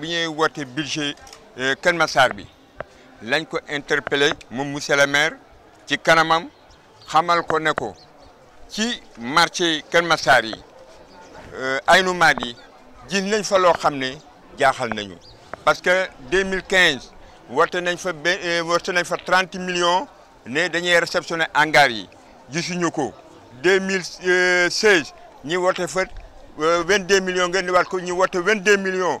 bi ñuy woote budget euh, Kër Massar bi lañ ko interpellé moom monsieur le maire ci kanamam xamal ko ne ko ci marché Kër Massar yi euh, aynu maat yi gis nañ fa loo xam jaaxal nañu parce que 2015 woote nañ fa ba euh, nañ fa 30 millions ne dañuy réceptionné hangar yi gisuñu ko 2016 ñi woote fa 22 millions ngeen di ko ñi woote 22 millions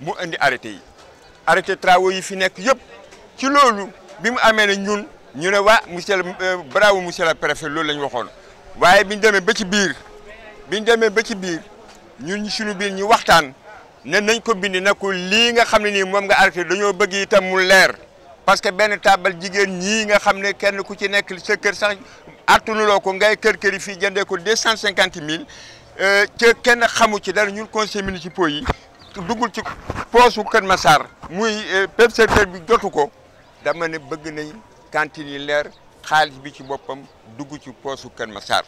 mu indi arrêté arrêté travaux yi fi nekk nous ci ñun ñu le euh, monsieur le préfet la ñu waye démé ba ci biir démé ba ci biir ñun suñu biir ñu waxtaan nañ ko nga nga arrêté bëgg itam mu parce que ben table tous ñi nga xamné kenn ku ci nekk sa kër sax artunu loko ngay kër kër fi jëndé ko euh, kenn xamu ci conseil municipal yi. duggul ci poosu Kër Massar muy eh, pep secteur bi jotu ko dama ne bëgg nañ cantine yi leer xaalis bi ci boppam dugg ci poosu Kër Massar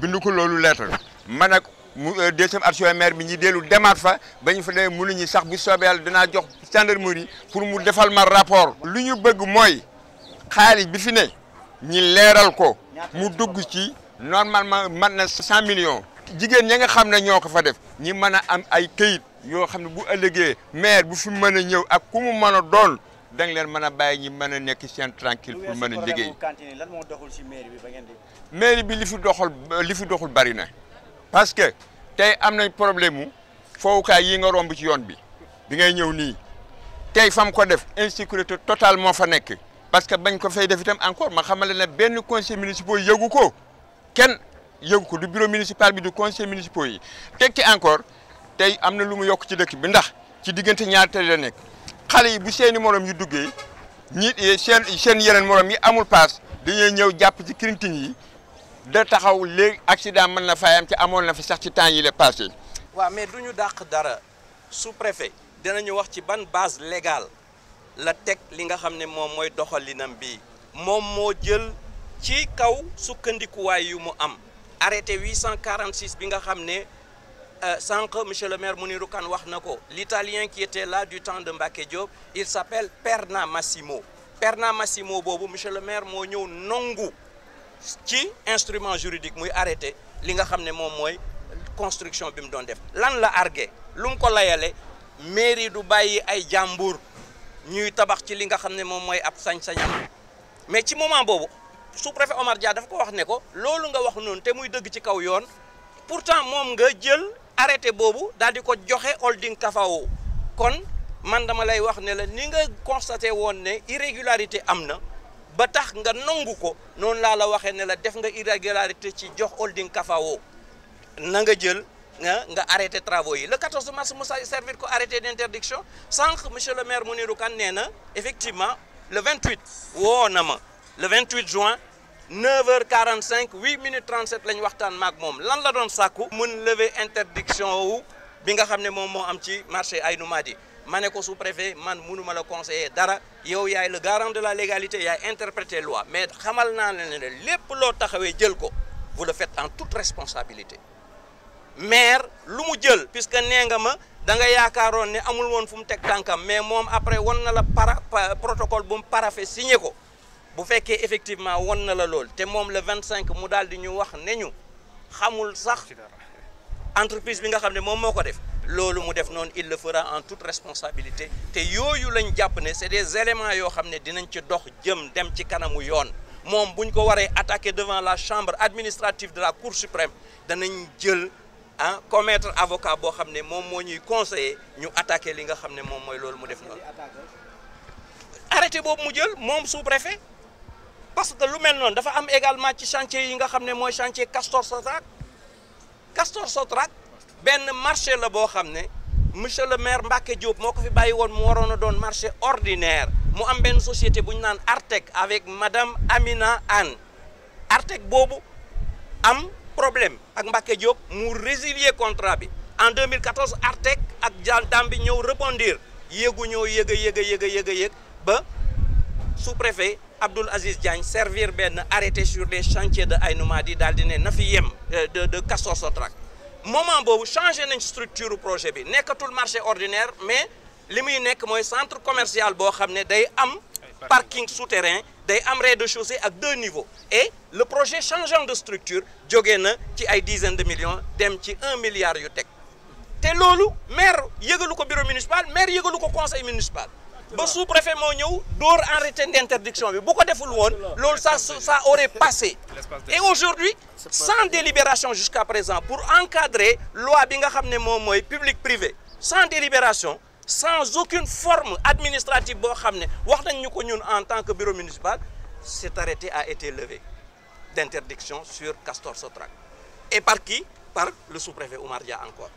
bindu ko loolu leetal man ak mu eh, deuxième adjoint bi ñi dellu demaat fa ba ñu fa demee mënuñu sax bi soobee yàlla danaa jox gendarmerie pour mu defal ma rapport. lu ñu bëgg mooy xaalis bi fi ne ñi leeral ko mu dugg ci normalement mën na cent million jigéen ñi nga xam ne ñoo ko fa def ñi mën a am ay kayit yoo xam bu ëllëgee maire bu fi mëna ñëw ak ku mu mën doon da nga leen mën a ñi mëna nekk seen tranquille pour mëna liggéey maire bi li fi doxal li fi doxul bari na parce que tay am nañ problème mu fowukaay yi nga romb ci yoon bi bi ngay ñëw ni tay fam ko def insécurité totale mo fa nekk parce que bañ ko fay def itam encore ma xamale na benn conseil municipal yëgu ko ken yëgu ko du bureau municipal bi du conseil municipal yi tekki encore tey am na lu mu yokk ci dëkk bi ndax ci diggante ñaar tali la nekk xale yi bu seeni morom yu duggee ñi seen seen yeneen morom yi amul paas dañuy ñëw jàpp ci crintin yi da taxaw léegi accident mën na fayam ci amoon na fi sax ci temps yi la passé waa mais du ñu dàq dara sous-préfet dinañu wax ci ban base légale la teg li nga xam ne moom mooy doxalinam bi moom moo jël ci kaw sukkandikuwaay yu mu am arrêté 846 bi nga xam ne Euh, sànq monsieur le maire Mounirou Kane wax l'italien qui était là du temps de Mbacké Diop il s'appelle Perna Massimo Perna Massimo bobo monsieur le maire moo nongu ci instrument juridique muy arrêté li nga xam ne moom construction bi mu def lan la argué lu mu ko layale mairie du bàyyi ay jàmbur ñuy tabax ci li nga xam ne moom ab sañ-sañam mais ci moment boobu sous-préfet Omar Dia dafa ko wax ne ko loolu nga wax noonu te muy dëgg ci kaw yoon pourtant moom nga jël arrêté Bobu daal di joxe holding Kafao kon man dama lay wax ne la ni nga constaté woon ne irrégularité amna ba tax nga nangu ko non la waxee ne la def nga irrégularité ci jox holding Kafao na nga jël nga nga arrêté travaux yi le 14 mars Moussa servir ko arrêté d'interdiction sank monsieur le maire Mounirou Kane effectivement le 28 wo nama le 28 juin. 9h45 8 minutes 37 lañ waxtaan mak mom. lan la doon sakku? mën lever interdiction ou, bi nga xamné ne mo am ci marché Aïnou Madi. Mané ko sous-préfet man mënuma la conseiller dara yow yaay le garant de la légalité yaay interpréter loi mais xamal na la né lepp lo taxawé jël ko vous le faites en toute responsabilité maire lu mu jël puisque né nga ma da nga yaakaaroon ne amul woon fu mu teg tànkam mais moom après wan na la para protocole bu mu parafe signé ko bu faites effectivement le 25 mu nous ñu wax entreprise il le fera en toute responsabilité Ce c'est des éléments qui dinañ ci dox jëm dem ci attaquer devant la chambre administrative de la cour suprême nous hein, commettre avocat bo conseiller ñu attaquer li nga mu def sous-préfet parce que lu mel également ci chantier chantier Castor Sotrac Castor Sotrac marché le maire Diop marché ordinaire mu am une société qui Artec avec madame Amina Anne Artec a am problème avec Diop le contrat en 2014 Artec a a préfet Abdul Aziz Diagne servir ben arrêté sur les chantiers de Aïnoumadi Madi daal 9 ne de yem euh, de de Castors structure moment projet changé nañ structure projet bi marché ordinaire mais limuy nek moy centre commercial bo xamné des day am parking souterrain day am rez-de-chaussée à deux niveaux et le projet changeant de structure jogé na ci ay dizaines de millions dem ci un milliard yu tek té lolu maire yëgalu ko bureau municipal maire yëgalu ko conseil municipal le sous-préfet mo arrêté d'interdiction bi bu ko ça aurait passé et aujourd'hui sans délibération jusqu'à présent pour encadrer loi bi nga public privé sans délibération sans aucune forme administrative bo en tant que bureau municipal cet arrêté a été levé d'interdiction sur Castor Sotrak. et par qui par le sous-préfet Oumar Dia encore